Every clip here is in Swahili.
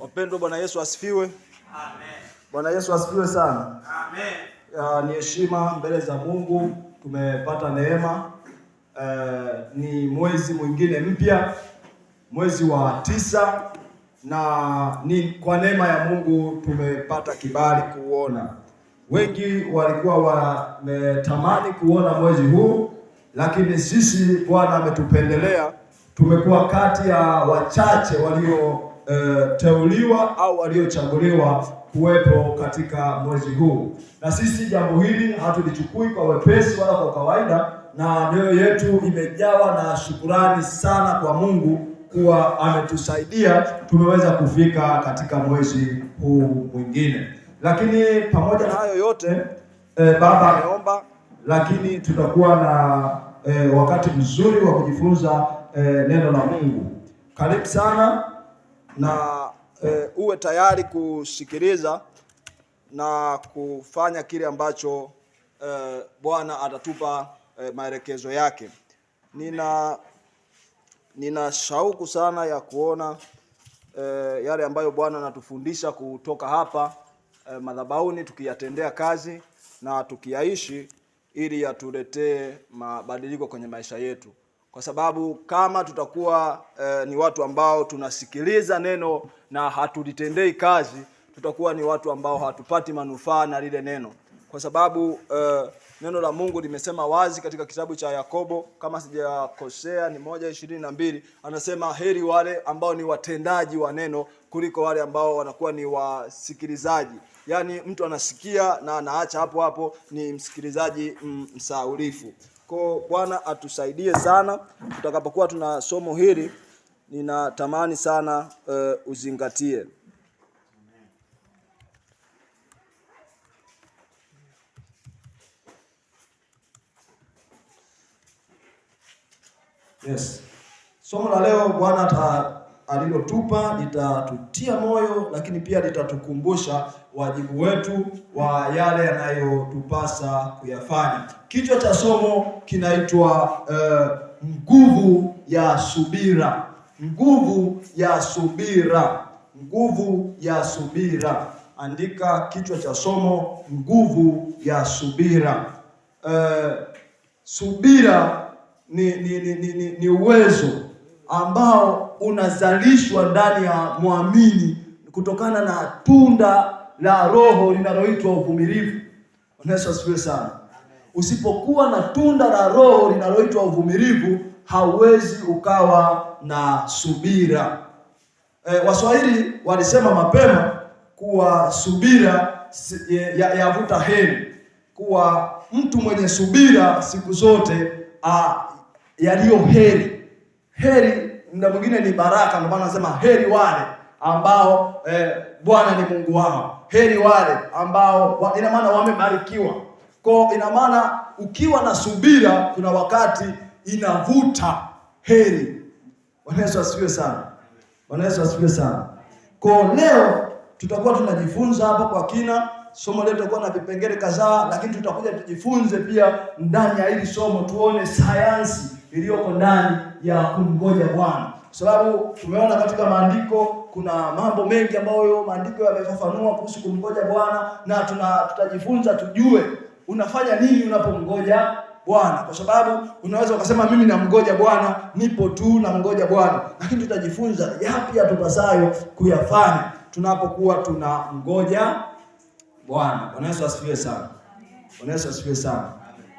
Wapendwa, Bwana Yesu asifiwe. Amen. Bwana Yesu asifiwe sana. Amen. Uh, ni heshima mbele za Mungu tumepata neema. Uh, ni mwezi mwingine mpya, mwezi wa tisa, na ni kwa neema ya Mungu tumepata kibali kuona. Wengi walikuwa wametamani kuona mwezi huu, lakini sisi Bwana ametupendelea, tumekuwa kati ya wachache walio uh, teuliwa au waliochaguliwa kuwepo katika mwezi huu, na sisi jambo hili hatulichukui kwa wepesi wala kwa kawaida, na mioyo yetu imejawa na shukurani sana kwa Mungu kuwa ametusaidia tumeweza kufika katika mwezi huu mwingine. Lakini pamoja na hayo yote e, baba ameomba, lakini tutakuwa na e, wakati mzuri wa kujifunza e, neno la Mungu. Karibu sana na e, uwe tayari kusikiliza na kufanya kile ambacho e, Bwana atatupa e, maelekezo yake. Nina nina shauku sana ya kuona e, yale ambayo Bwana anatufundisha kutoka hapa e, madhabahuni tukiyatendea kazi na tukiyaishi ili yatuletee mabadiliko kwenye maisha yetu kwa sababu kama tutakuwa eh, ni watu ambao tunasikiliza neno na hatulitendei kazi, tutakuwa ni watu ambao hatupati manufaa na lile neno, kwa sababu eh, neno la Mungu limesema wazi katika kitabu cha Yakobo, kama sijakosea, ni moja ishirini na mbili, anasema heri wale ambao ni watendaji wa neno kuliko wale ambao wanakuwa ni wasikilizaji. Yaani mtu anasikia na anaacha hapo hapo, ni msikilizaji mm, msaulifu. Kwa Bwana atusaidie sana tutakapokuwa tuna somo hili, ninatamani sana uh, uzingatie Yes. Somo la leo Bwana alilotupa litatutia moyo, lakini pia litatukumbusha wajibu wetu wa yale yanayotupasa kuyafanya. Kichwa cha somo kinaitwa eh, nguvu ya subira. Nguvu ya subira, nguvu ya subira. Andika kichwa cha somo, nguvu ya subira. Uh, subira ni, ni, ni, ni, ni uwezo ambao unazalishwa ndani ya mwamini kutokana na tunda la Roho linaloitwa uvumilivu. Yesu asifiwe sana. Usipokuwa na tunda la Roho linaloitwa uvumilivu, hauwezi ukawa na subira. E, Waswahili walisema mapema kuwa subira yavuta ya heri, kuwa mtu mwenye subira siku zote ah, yaliyo heri heri mda mwingine ni baraka, ndio maana nasema heri wale ambao eh, Bwana ni Mungu wao, heri wale ambao wa, ina maana wamebarikiwa. Kwa ina maana ukiwa na subira, kuna wakati inavuta heri. Bwana Yesu asifiwe sana. Bwana Yesu asifiwe sana. Kwa leo tutakuwa tunajifunza hapa kwa kina somo letu litakuwa na vipengele kadhaa, lakini tutakuja tujifunze pia ndani ya hili somo, tuone sayansi iliyoko ndani ya kumngoja Bwana, kwa sababu tumeona katika maandiko kuna mambo mengi ambayo maandiko yamefafanua kuhusu kumngoja Bwana, na tuna tutajifunza tujue unafanya nini unapomngoja Bwana, kwa sababu unaweza ukasema mimi namngoja Bwana, nipo tu namngoja Bwana, lakini tutajifunza yapi yatupasayo kuyafanya tunapokuwa tunamngoja Bwana. Bwana Yesu asifiwe sana. Bwana Yesu asifiwe sana.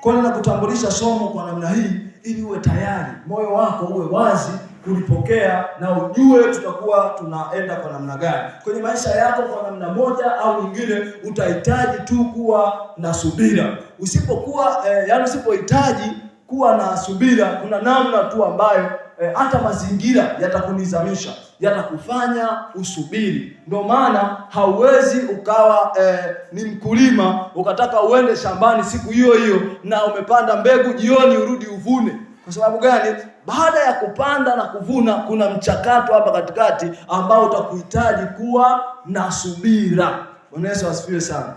Kwa hiyo nakutambulisha somo kwa namna hii ili uwe tayari, moyo wako uwe wazi kulipokea na ujue tutakuwa tunaenda kwa namna gani kwenye maisha yako. Kwa namna moja au nyingine, utahitaji tu kuwa na subira. Usipokuwa eh, yaani usipohitaji kuwa na subira, kuna namna tu ambayo Eh, hata e, mazingira yatakunizamisha yatakufanya usubiri. Ndio maana hauwezi ukawa e, ni mkulima ukataka uende shambani siku hiyo hiyo na umepanda mbegu, jioni urudi uvune. Kwa sababu gani? Baada ya kupanda na kuvuna, kuna mchakato hapa katikati ambao utakuhitaji kuwa na subira. Bwana Yesu asifiwe sana.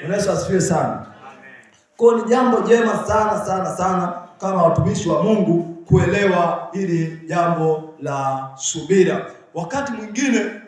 Bwana Yesu asifiwe sana. Kwa ni jambo jema sana sana sana kama watumishi wa Mungu kuelewa hili jambo la subira. Wakati mwingine